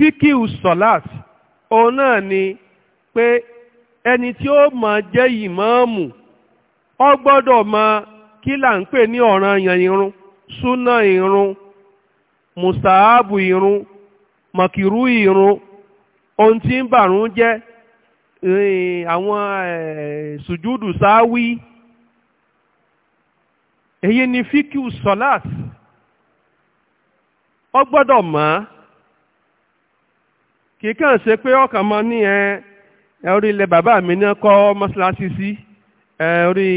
fíkìú Solat, òun náà ni pé ẹni tí ó mọ̀ jẹ́ ìmáàmù ọ gbọ́dọ̀ mọ̀ kí là ń pè ní ọ̀ranyàn irun súnà irun mùsàábù irun mọ̀kìrú irun ohun tí ń bàrún jẹ́ eh, àwọn eh, sùjúdù sáwí èyí ni fíkìú Solat, ọ gbọ́dọ̀ ma. kì í kàn ṣe pé ọkàn mọ ní ẹ orí ilẹ̀ bàbá mi ní kọ́ mọ́ṣáláṣí sí ẹ orí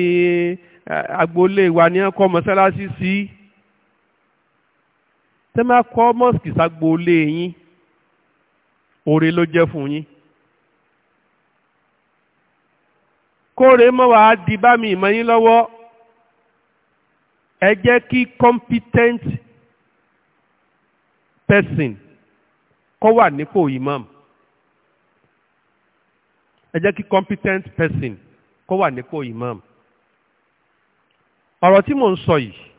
agboolé wa ní kọ́ mọ́ṣáláṣí sí tẹ́ máa kọ́ mọ́ṣkì sagboolé yín oore ló jẹ́ fún yín kóore mọ́ wàá di bá mi ìmọ̀ yín lọ́wọ́ ẹ jẹ́ kí competent person kó wà nípò imam ẹ jẹ́ kí competent person kó wà nípò imam ọ̀rọ̀ tí mò ń sọ yìí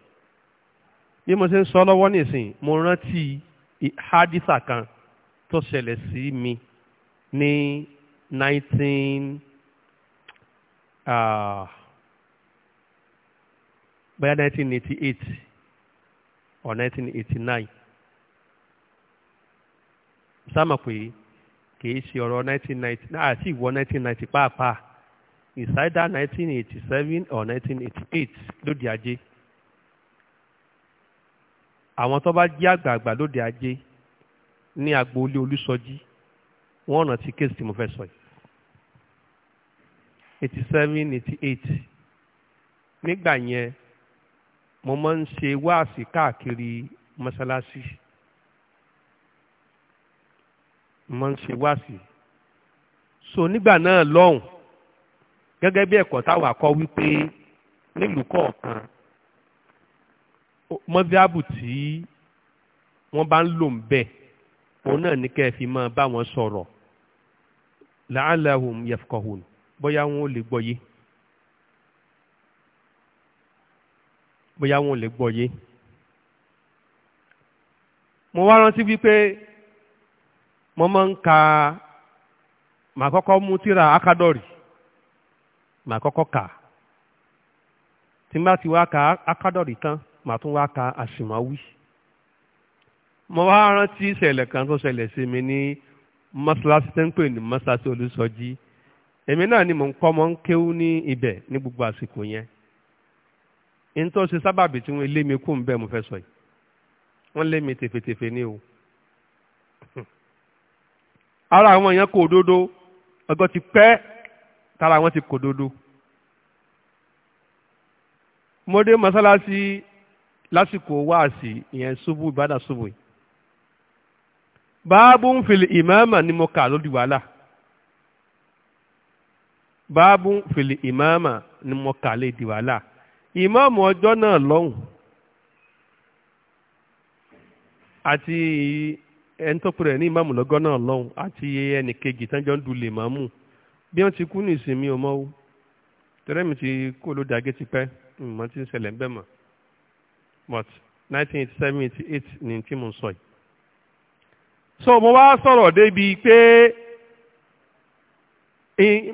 bí mo ṣe ń sọ lọ́wọ́ nísìn mo rántí hadisa kan tó ṣẹlẹ̀ sí mi ní 19 uh, bóyá 1988 or 1989 sáàmà pé kìí ṣe ọ̀rọ̀ 1990 àti ìwọ 1990 pàápàá ìsáídà 1987 or 1988 lóde ajé àwọn tó bá jẹ́ àgbààgbà lóde ajé ní agboolé olúsọjí wọ́n ọ̀nà tí kéèsì tí mo fẹ́ sọ yìí 87 88 nígbà yẹn mo máa ń ṣe wáàsí káàkiri mọ́ṣáláṣí máa ń ṣe wáàsí so nígbà náà lọ́hùn gẹ́gẹ́ bí ẹ̀kọ́ táwa kọ́ wípé nílùú kọ̀ọ̀kan mọ́fíàbù tí wọ́n bá ń lò ń bẹ̀ òun náà ní kẹ́ ẹ fi máa bá wọn sọ̀rọ̀ la'allahum yafqahun bóyá wọn ò lè gbọ́yé bóyá wọn ò lè gbọ́yé mo wá rántí wípé mo máa ń ka màá kọ́kọ́ mú tíra akadọ́rì màá kọ́kọ́ kà tí bá ti wá ka akadọ́rì tán màá tún wá ka àṣìmáwí mo wá rántí ìṣẹ̀lẹ̀ kan tó ṣẹlẹ̀ sí mi ní mọ́ṣáláṣí tó ń pè ní mọ́ṣáláṣí olùsọjí èmi náà ni mò ń kọ́ mọ́ ń kéwú ní ibẹ̀ ní gbogbo àsìkò yẹn n tó ṣe sábàbí tí wọ́n lé mi kú ń bẹ́ẹ̀ mo fẹ́ sọ yìí wọ́n lé mi tèfètèfè ní o ara àwọn èèyàn kò òdodo ọgọ́ ti pẹ́ tara àwọn ti kò òdodo. mo dé mọ́sálásí lásìkò wáàsí ìyẹn ṣubú ìbádà ṣubú yìí. báábù ń fìlì ìmáàmà ni mo kà lódì wàhálà báábù ń fìlì ìmáàmà ni mo kà lédi wàhálà ìmáàmù ọjọ́ náà lọ́hùn àti ẹni tó pèrè ní ìmáàmù lọ́gọ́ náà lọ́hùn àti ẹnì kejì tán jọ ń dulè màmú bí wọ́n ti kú ní ìsinmi ọmọ o tẹ́lẹ̀ ti kó ló dàgé ti pẹ́ mọ̀ tí ń ṣẹlẹ̀ ń bẹ̀ mọ̀ but nineteen eighty seven eighty eight ni tí mo ń sọ yìí. so mo wá sọ̀rọ̀ débi pé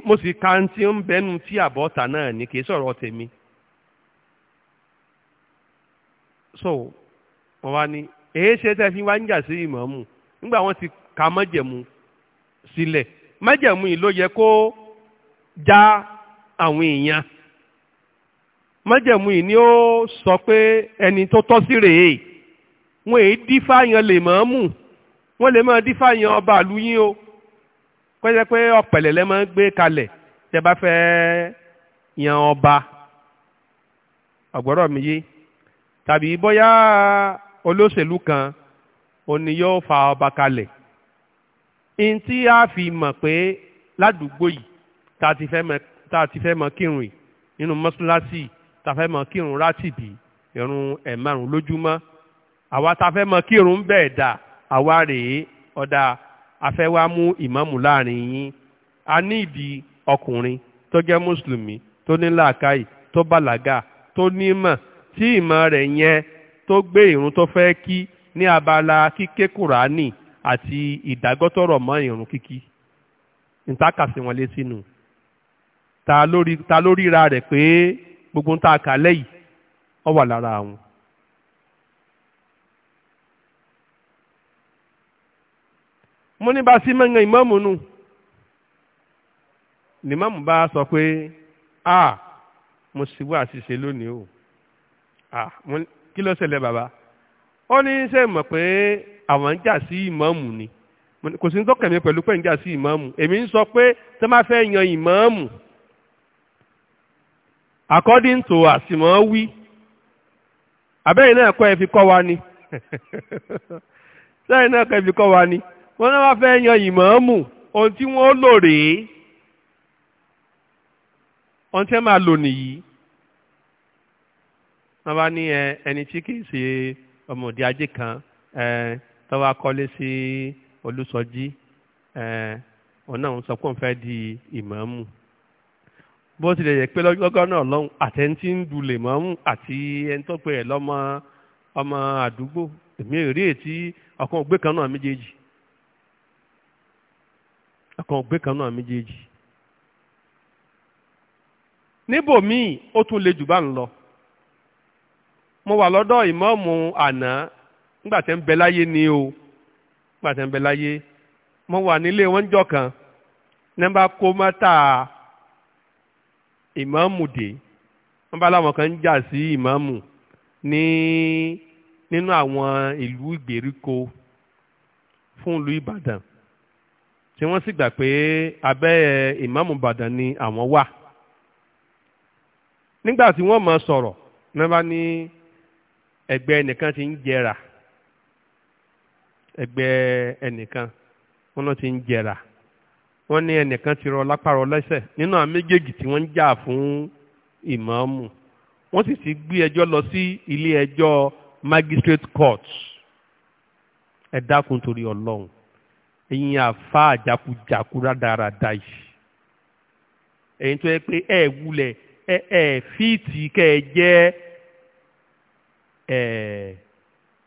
mo sì ka ń tí ń bẹnu tí àbọ̀tà náà ni kì í sọ̀rọ̀ tèmi so mo wá ní èyí ṣe tẹ́ fi wá ń jà sí nígbà ti ka májẹ̀mú sílẹ̀ májẹ̀mú yìí ló yẹ kó já àwọn èèyàn májẹ̀mú yìí ni ó sọ pé ẹni tó tọ́ sí rèé wọn èyí dífàyàn lè máàmù wọn lè máa ọba àlú yín o pẹ́ẹ́sẹ́ pé ọ̀pẹ̀lẹ̀ lẹ́ máa ń gbé kalẹ̀ yan ọba mi yé tàbí bóyá olóṣèlú kan òní yóò fa ọba kalẹ̀ n tí a fi mọ̀ pé ládùúgbò yìí tá a ti fẹ́ mọ kírun yìí nínú mọ́ṣáláṣí tá a fẹ́ mọ kírun rátìbì ìrun ẹ̀ẹ̀márùn lójúmọ́ àwa tá a fẹ́ mọ kírun bẹ́ẹ̀ dà àwa rèé ọ̀dà afẹ́wá mú ìmáàmù láàrin yín a ní ìdí ọkùnrin tó jẹ́ mùsùlùmí tó ní làákàyè tó bàlágà tó nímọ̀ tí ìmọ̀ rẹ̀ yẹn tó gbé ìrun tó fẹ́ kí ní abala kíké kùránì àti ìdágọ́tọ̀rọ̀ mọ́ ìrun kíkí ìtàkàsí wọn létí nù ta lórí ra rẹ̀ pé gbogbo ń ta àkàlẹ́ yìí ó wà lára àwọn. mo ní bá sí mẹ́ngàn ìmáàmù nù ni bá sọ pé a mo sì àṣìṣe lónìí o kí ló ṣẹlẹ̀ bàbá ó ní ṣe mọ̀ pé àwọn ń jà sí ìmáàmù ni kò sí ní tó kẹ̀mí pẹ̀lú pé ń jà sí ìmáàmù èmi ń sọ pé tẹ́ máa fẹ́ yan ìmáàmù according to àsìmọ́ wí àbẹ́yìn náà kọ́ ẹ fi kọ́ wa ni sẹ́yìn náà kọ́ ẹ fi kọ́ wa ni wọ́n náà wá fẹ́ yan ìmáàmù ohun tí wọ́n lò rèé ohun tí wọ́n máa lò nìyí wọ́n bá ní ẹni tí kì í ṣe ọmọ òde ajé kan tó wá kọ́lé sí olùsọjí ọ̀nà òun sọ pé òun fẹ́ di ìmáàmù bó tilẹ̀ yẹ pé lọ́gọ́ náà lọ́hùn àtẹ̀ntì ń dulẹ̀ mọ́mù àti ẹni tó pe ẹ̀ lọ́mọ ọmọ àdúgbò èmi èrè ètí ọkàn ògbé kan náà méjèèjì ọkàn ògbé kan náà méjèèjì níbòmíì ó tún le jù bá ń lọ mo wà lọ́dọ̀ ìmọ̀ọ́mù àná nígbà tẹ́ ń bẹ láyé ni o nígbà tẹ́ ń bẹ láyé mo wà nílé wọn jọ kan nẹ́ńbà kó mọ́tà ìmọ̀ọ́mù dé wọ́n bá láwọn kan ń jà sí ìmọ̀ọ́mù ní nínú àwọn ìlú ìgbèríko fún ìlú Ìbàdàn tí wọ́n sì gbà pé abẹ́ ìmọ̀ọ́mù Ìbàdàn ni àwọn wà nígbà tí wọ́n mọ̀ sọ̀rọ̀ nẹ́ńbà ní. Ni ẹgbẹ́ ẹnìkan ti ń jẹrà ẹgbẹ́ ẹnìkan wọn náà ti ń jẹrà wọn ní ẹnìkan ti rọ lápárọ̀ lẹ́sẹ̀ nínú àwọn méjèèjì tí wọn ń jà fún ìmáàmù wọ́n sì ti gbé ẹjọ́ lọ sí ilé ẹjọ́ magistrate court ẹ dákun torí ọlọ́run ẹ̀yin àfa àjàkújàkú rádaràda yìí ẹ̀yin tó yẹ pé ẹ̀ wulẹ̀ ẹ̀ ẹ̀ fíìtì kẹ́ ẹ jẹ́ Eh,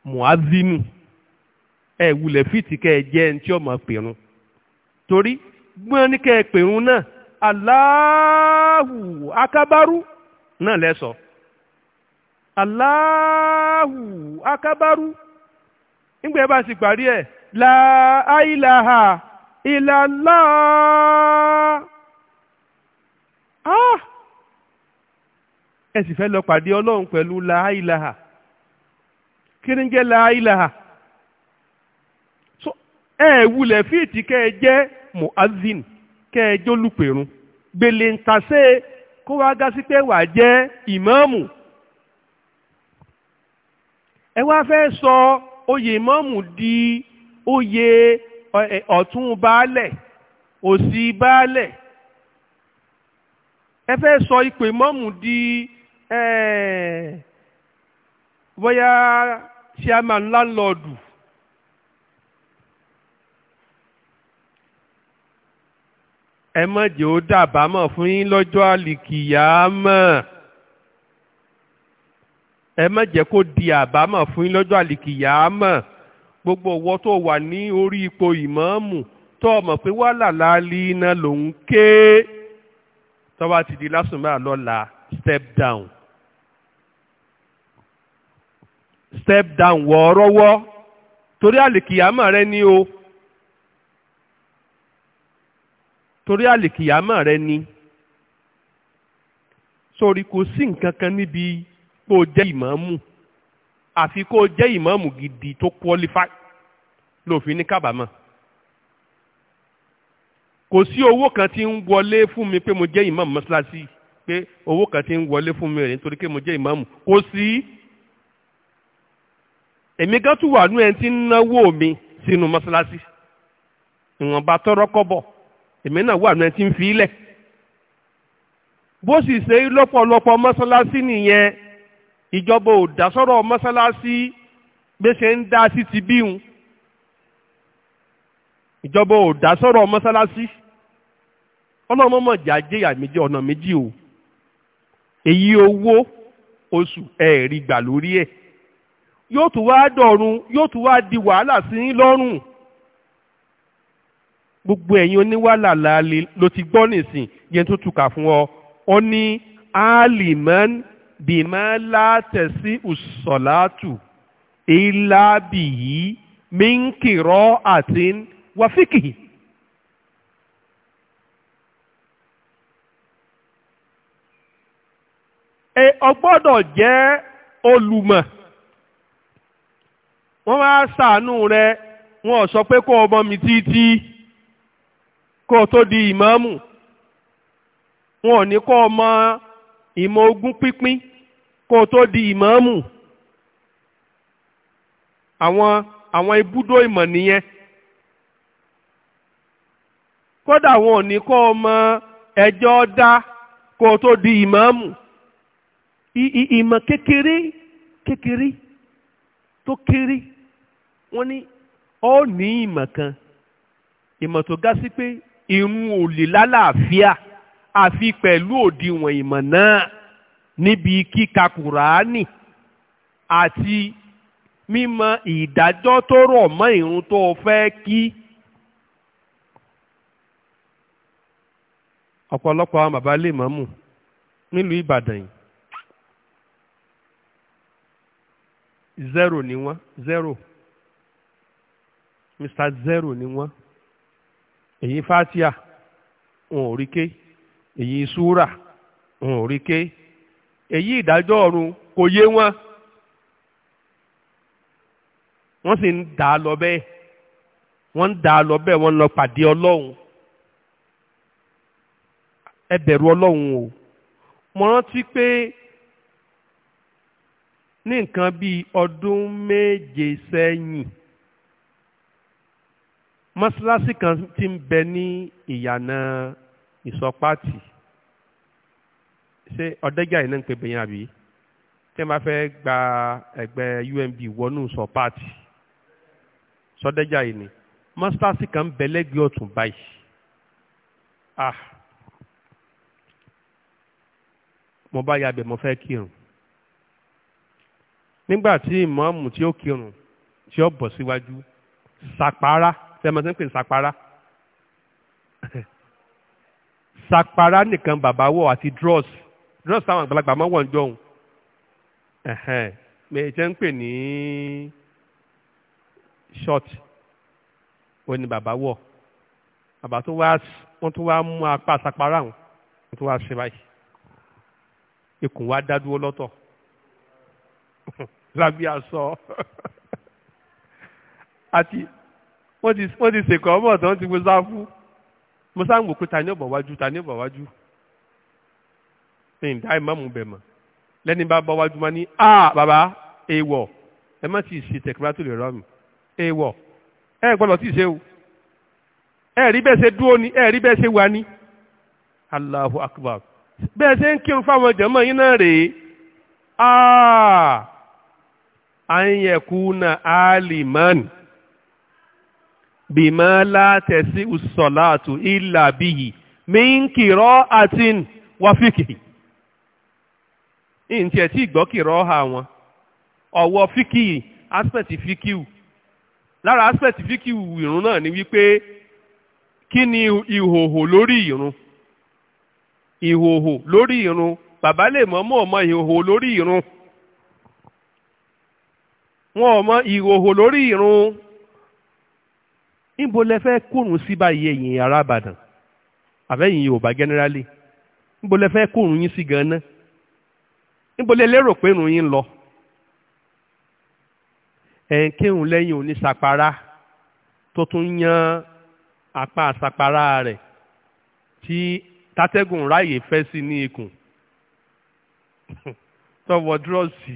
muazinu ẹ fiti eh, fìtì kẹ́ ẹ jẹ́ ẹni tí torí gbọ́n ní kẹ́ ẹ pèrun náà Allahu akabaru náà lẹ́sọ Allahu akabaru nígbà ẹ bá sì parí ẹ̀ la ayilaha ilallah ah ẹ sì fẹ́ lọ pàdé ọlọ́run pẹ̀lú la ailaha. kí ni jẹ́ láìláha so ẹ wulẹ̀ fíìtì kẹ́ ẹ jẹ́ muazin kẹ́ ẹ jólùpẹ̀rún gbèlè ń tàṣe kó wá gá sí pé wà jẹ́ ìmáàmù ẹ wá fẹ́ sọ oyè ìmáàmù di oyè ọ̀tún baálẹ̀ òsì baálẹ̀ ẹ fẹ́ sọ ipò ìmáàmù di bóyá. Eh, chairman láńlọ́ọ̀dù ẹ má jẹ́ ó dàbámọ̀ fún yín lọ́jọ́ àlìkìyàmọ̀ ẹ má jẹ́ kó di àbámọ̀ fún yín lọ́jọ́ àlìkìyàmọ̀ gbogbo ọwọ́ tó wà ní orí ipò ìmọ̀ọ́mù tó ọmọ pé wà làlálí iná lòún ké tó ti di lásùnmọ́ àlọ́la step down. step down wọ́ọ́rọ́wọ́ torí àlìkìyàmọ̀ rẹ ni o torí àlìkìyàmọ̀ rẹ ni sórí kò sí nǹkan kan níbi kó o jẹ́ ìmáàmù àfi kó o jẹ́ ìmáàmù gidi tó qualify lòfin ní kábàámọ̀ kò sí owó kan tí ń wọlé fún mi pé mo jẹ́ ìmáàmù mọ́ṣáláṣí pé owó kan tí ń wọlé fún mi rẹ̀ nítorí pé mo jẹ́ ìmáàmù kò sí. Si, èmi gan tún ti nú wo mi sínú mọ́ṣáláṣí ìwọ̀nba tọrọ kọ́bọ̀ èmi náà wà nú ẹni tí bó sì ṣe lọ́pọ̀lọpọ̀ mọ́ṣáláṣí nìyẹn ìjọba ò dá sọ́rọ̀ mọ́ṣáláṣí sí ti bíhun ìjọba ò dá sọ́rọ̀ ona ọlọ́run ọ̀nà méjì o èyí owó oṣù ẹ̀ẹ̀rí gbà lórí E yóò tún wá dọ̀run yóò tún wá di wàhálà sí yín lọ́rùn gbogbo ẹ̀yin oníwàhálà làálẹ̀ ló ti gbọ́ nìsín yẹn tó tukà fún ọ ọ ní alimẹ́n bìmọ́ látẹ̀sí ùsọ̀látù ìlàbìyí mínkìrọ́ àti wàfíkì. ẹ jẹ́ olùmọ̀. wọ́n wá ṣàánú rẹ wọ́n ò sọ pé kó ọmọ mi títí kó tó di ìmáàmù wọn wọ́n ní kó ọmọ ìmọ̀ ogún pínpín kó tó di ìmáàmù àwọn àwọn ibùdó ìmọ̀ nìyẹn kódà wọn ò ní kó o ẹjọ́ dá kó tó di ìmáàmù ìmọ̀ kékeré kékeré tó kéré wọ́n ní ó ní ìmọ̀ kan ìmọ̀ tó ga sí pé irun ò lè lálàáfíà àfi pẹ̀lú òdiwọ̀n ìmọ̀ náà níbi kíka kùránì àti mímọ̀ ìdájọ́ tó rọ̀ mọ́ irun tó fẹ́ kí. ọ̀pọ̀lọpọ̀ àwọn bàbá lè mọ́mù nílùú Ìbàdàn yìí zero ni wọ́n zero mr zero ni wọ́n èyí fatia wọn ò rí ké èyí súrà wọn ò rí ké èyí ìdájọ́ ọ̀run kò yé wọn wọ́n sì ń dà á lọ bẹ́ẹ̀ wọ́n ń dà á lọ bẹ́ẹ̀ wọ́n ń lọ pàdé ọlọ́run ẹ bẹ̀rù o mo rántí pé ní nǹkan bíi ọdún méje sẹ́yìn mọ́sálásí kan ti ń bẹ ní ìyànà ìsọpáàtì ṣé ọ̀dẹ́jà yìí náà ń pè bẹ̀yẹn àbí tí wọ́n bá fẹ́ gba ẹgbẹ́ UMB wọnú ìsọpáàtì sọ́dẹ́jà yìí ni mọ́sálásí kan ń bẹ lẹ́gbẹ̀ẹ́ ọ̀tún báyìí ah mo bá yabẹ̀ mo fẹ́ kírun nígbà tí ìmọ̀ọ́mù tí ó kírun tí ó bọ̀ síwájú sàpárá. Si sẹ́mọ̀tí ń pè sàpárá sàpárá nìkan bàbá wọ̀ àti dross dross táwọn àgbàlagbà máa wọ̀ ń jọun mẹ̀jẹ̀ ń pè ní short ó ní bàbá wọ̀ bàbá tó wá wọ́n tó wá mú apá sàpárá wọn tó wá ṣe báyìí ikùn wa dá dúró lọ́tọ̀ lábí aṣọ àti wọ́n ti wọ́n ti sèkọ ọmọ ọ̀tọ̀ wọ́n ti gbé sáfù mo sáà ń wò pé ta ní ọ̀bọ̀ wájú ta ní ọ̀bọ̀ wájú ẹ̀yìn dá ìmáàmù bẹ̀ mọ̀ lẹ́ni bá bọ́ wájú máa ní a bàbá èèwọ̀ ẹ má ti ṣe tẹ̀kíráàtù lè rọ́ mi èèwọ̀ ẹ gbọ́dọ̀ tí ì o ẹ rí bẹ́ẹ̀ ṣe dúró ni ẹ rí bẹ́ẹ̀ ṣe wà ní Allahu Akbar bẹ́ẹ̀ ṣe ń kírun fáwọn jàmá yín náà rèé a an yakuna aliman. bima la tẹ̀sí sọ̀láàtù illa bihi min kìrọ́ àti wàfíkì. ìǹtí ẹ̀ tí ìgbọ́ ha wọn ọ̀wọ́ fíkì aspect fíkìwù lára aspect fíkìwù ìrún náà ni wípé kí ni ìhòhò lórí ìrún ìhòhò lórí ìrun bàbá lè mọ̀ mọ́ ọmọ ìhòhò lórí ìrun wọn ò ìhòhò lórí níbo lẹ fẹ́ kórun sí báyìí ẹ̀yin ará Ìbàdàn àbẹ́yìn Yorùbá generally níbo lẹ fẹ́ kórun yín sí gan-an níbo lẹ lérò pé irun yín lọ ẹ̀ ń kírun lẹ́yìn onísapara tó tún yan apá àsapara rẹ̀ tí tátẹ́gùn ráàyè fẹ́ sí ní ikùn tọwọ́ dúrọ́ọ̀sì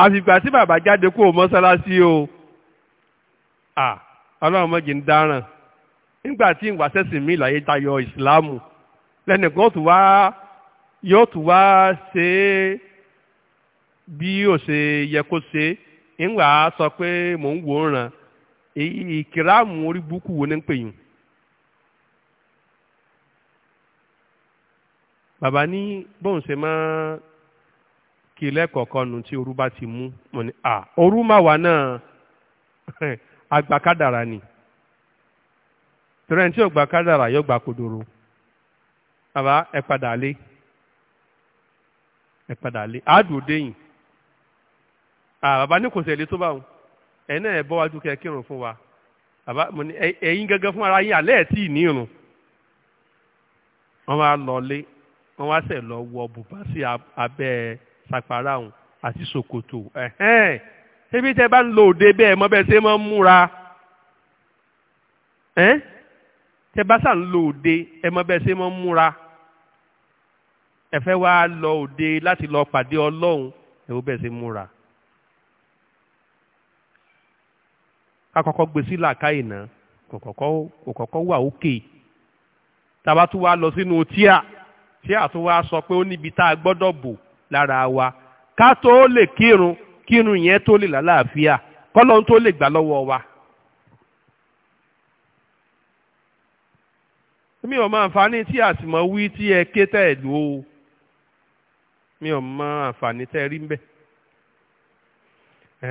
àfìgbà tí bàbá jáde kó o mọ́sálásí o ọlọ́run mọ́jì ń dáràn nígbà tí ìwà sẹ́sìn mi ìlàyé tayọ ìsìláàmù lẹ́nìkan tó wá yóò tún wá ṣe é bí ó ṣe yẹ kó ṣe ìwà sọ pé mò ń wò ó ràn ìkìláàmù orí búkú wo ní ń pè yùn. bàbá ní bóun ṣe máa kí lẹ́kọ̀ọ́kọ́ nu tí òru bá ti mú mo ní à òru máa wà náà. àgbà kádàrà ni tẹ̀rẹ̀ tí ò gbà kádàrà yóò gbà kodoro bàbá ẹ padà lé ẹ padà lé àádùn déyìn bàbá ní kò tẹ̀lé tó bá wọn ẹ̀yin náà bọ́ wájú kẹ́ kírun fún wa bàbá mo ní ẹ̀yin gẹ́gẹ́ fún ara yín alẹ́ ẹ̀ tí ì ní irun wọ́n wá lọ lé wọ́n wá sẹ̀ lọ wọ bùbá sí abẹ́ sàpárà àti ṣòkòtò ẹ̀hẹ́n ṣebí tẹ bá ń lo òde bẹ́ẹ̀ mọ́ bẹ́ẹ̀ ṣe mọ́ múra ẹ́ tẹ bá sà ń lo òde ẹ mọ́ bẹ́ẹ̀ ṣe mọ́ múra ẹ fẹ́ wá lọ òde láti lọ pàdé ọlọ́run ẹ wò bẹ́ẹ̀ ṣe múra. kakọkọ gbé sí náà kò kọ́kọ́ wà òkè tàbá tún wá lọ sínú tíà tíà tún wá sọ pé ó níbi tá a gbọ́dọ̀ bò lára wa ká tó lè kírun kírun yẹn tó lè lálàáfíà kọ́lọ́n tó lè gbà lọ́wọ́ wa. mi ò mọ àǹfààní tí àsìmọ̀ wí tí ẹ ké tẹ́ ẹ̀ lò ó mi ò mọ àǹfààní tẹ́ ẹ rí mbẹ́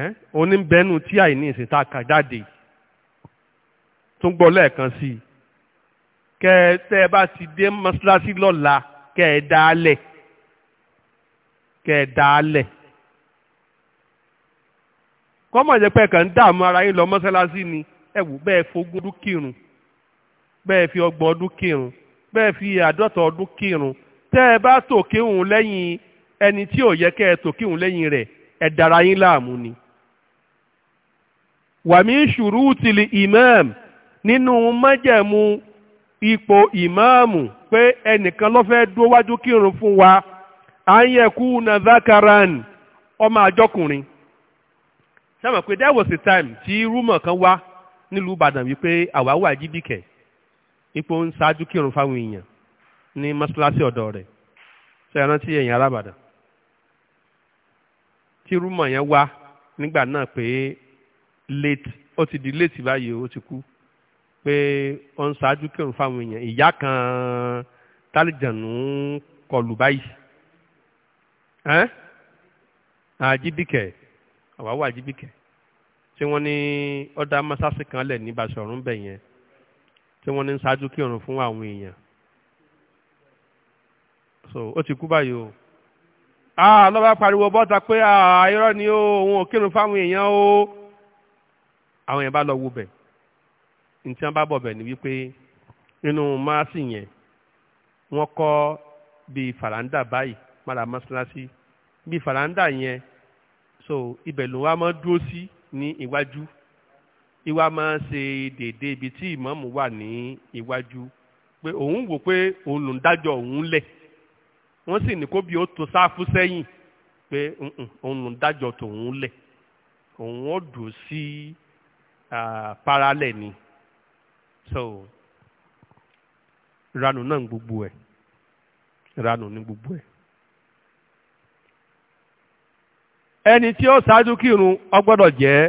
ẹ́ oníbẹ́nu tí àìní ìsìta kà jáde tún gbọ́ lẹ́ẹ̀kan sí i kẹ́ ẹ ẹ bá ti dé mọ́ṣáláṣí lọ́la kẹ́ ẹ dálẹ̀ kẹ́ ẹ dálẹ̀. kọ́mọ̀ jẹ́ pé kàn ń dààmú ara yín lọ mọ́sálásí ni ẹ wù bẹ́ẹ̀ fogún ọdún kírun bẹ́ẹ̀ fi ọgbọ̀n ọdún kírun bẹ́ẹ̀ fi àádọ́ta ọdún kírun tẹ́ ẹ bá tòkíhùn lẹ́yìn ẹni tí ò yẹ kẹ́ ẹ tòkíhùn lẹ́yìn rẹ̀ ẹ dara yín láàmú ni. wàmí ṣùrù tìlì imam nínú májẹ̀mú ipò ìmáàmù pé ẹnìkan ló fẹ́ wájú kírun fún wa à ń yẹ kú na ọmọ àjọkùnrin. sábà pé that was the time tí rúmọ̀ kan wá nílùú Ìbàdàn wípé àwa wà jíbìkẹ̀ ipò ń ṣáájú kírun fáwọn èèyàn ní mọ́ṣáláṣí ọ̀dọ̀ rẹ̀ ṣe rántí ẹ̀yìn alábàdàn tí rúmọ̀ yẹn wá nígbà náà pé late ó ti di late báyìí ó ti kú pé ó ń ṣáájú kírun fáwọn èèyàn ìyá kan tálíjànù kọlù báyìí àjíbìkẹ̀ àwa wà jíbìkẹ́ tí wọ́n ní ọ̀dà mọ́sáàsì kan lẹ̀ ní Basọ̀rún bẹ̀ yẹn tí wọ́n ní ṣáájú kírun fún àwọn èèyàn so ó ti kú báyìí o ah lọ́ba pariwo bọ́ta pé irọ́ ni ó òun ò kírun fáwọn èèyàn o àwọn èèyàn bá lọ wo bẹ̀ ní tí wọ́n bá bọ̀ bẹ̀ ni wípé nínú máàsì yẹn wọ́n kọ́ bíi fàràǹdà báyìí mọ́ra mọ́ṣáláṣí bíi fàràǹdà yẹn so ibẹ̀ ló wá máa dúró sí ní iwájú ìwà máa ṣe déédé ibi tí ìmáàmù wà ní iwájú pé òun wò pé òun ló ń dájọ́ òun lẹ̀ wọ́n sì ní kó bí ó tó sáfù sẹ́yìn pé òun ló ń dájọ́ tòun lẹ̀ òun ó dùn sí paralẹ̀ ni so ranù náà gbogbo ẹ̀ ranù ní gbogbo ẹ̀. ẹni tí ó ṣáájú kírun ó gbọ́dọ̀ jẹ́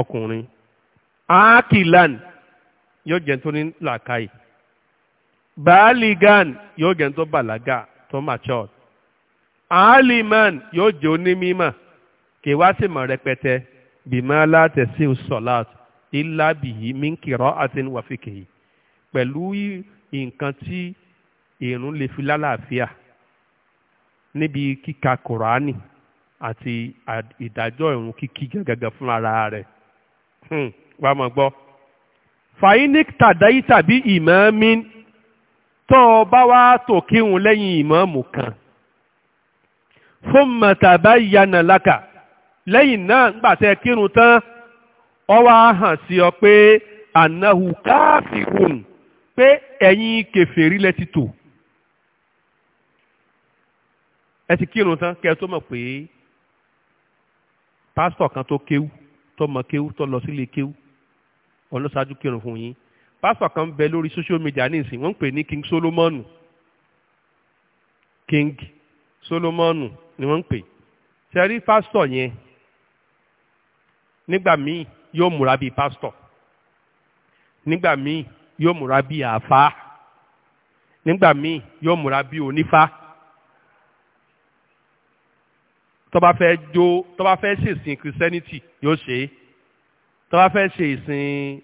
ọkùnrin akilan yóò jẹ́ tó ní làkàì baaligan yóò jẹ́ tó bàlágà tó mature aliman yóò jẹ́ onímímọ̀ kì wá sí mọ̀ rẹpẹtẹ bìmọ̀ látẹ̀sí sọ̀láàt ilá bìyí mínkìrọ́ àti wàfíkèyí pẹ̀lú nǹkan tí ìrun lè fi lálàáfíà níbi kíka kùránì. àti ìdájọ́ ìrun kíkí gẹ́gẹ́ fún ara rẹ̀ wà á mọ̀ gbọ́. fàyíník tàdáyí tàbí ìmáàmì tó o bá wá tò kírun lẹ́yìn ìmáàmù kan fún mọ̀tàbá ìyànà lákà lẹ́yìn náà ńgbà tẹ́ kírun tán ó wá hàn sí ọ pé ànáhù káfíhùn pé ẹ̀yin kèfèrí lẹ ti tò ẹ ti kírun tán kẹ́ ẹ tó mọ̀ pé pásítọ̀ kan tó kéwú tó mọ kéwú tó lọ sílé kéwú ọlọ́sàájú kírun fún yín pásítọ̀ kan bẹ lórí social media nísìnyí wọ́n ń pè ní King Solomon King Solomon ni wọ́n ń pè sẹ́rí pásítọ̀ yẹn nígbà míì yóò múra bíi pásítọ̀ nígbà míì yóò múra bíi àáfàá nígbà míì yóò múra bíi onífàá tó bá fẹ́ jó tó bá fẹ́ ṣe ìsìn christianity yóò ṣe é tó bá fẹ́ ṣe ìsìn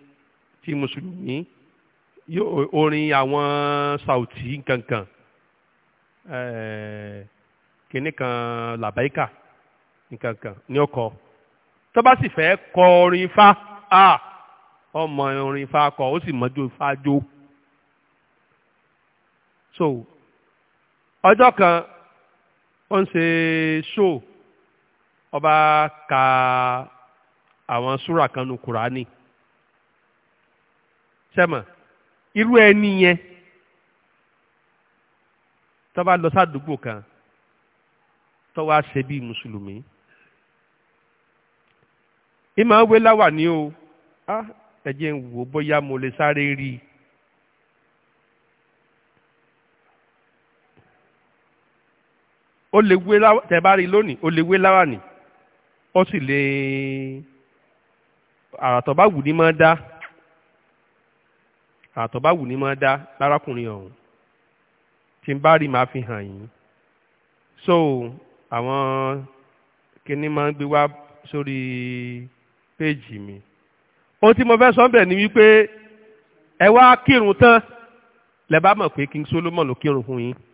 ti mùsùlùmí orin àwọn sauti nkankan eh, kìnnì kan làbáyíkà nkankan ní ọkọ tó bá sì fẹ́ kọ orin fa ọmọ orin fa kọ ó sì mọ́jú fa jó so ọjọ́ kan ó ń ṣe show ọba ka àwọn súrà kan nu kùránì sẹ́mọ̀ irú ẹni yẹn tó bá lọ sádùúgbò kan tó wá ṣe bí mùsùlùmí ìmọ̀ wé láwà ní o ẹ jẹ́ n wò bóyá mo lè sáré rí i. ó lè wé láwà tẹ̀ bá rí i lónìí ó lè wé láwà nìí ó sì lè àràtọ̀ bá wù ní máa dá àràtọ̀ ní máa dá lárákùnrin ọ̀hún tí n bá rí màá fi hàn yín so àwọn kinní máa ń gbé wá sórí péèjì mi ohun tí mo fẹ́ sọ bẹ̀ ni wípé ẹ wá kírun tán lẹ bá mọ̀ pé King Solomon ló kírun fún yín.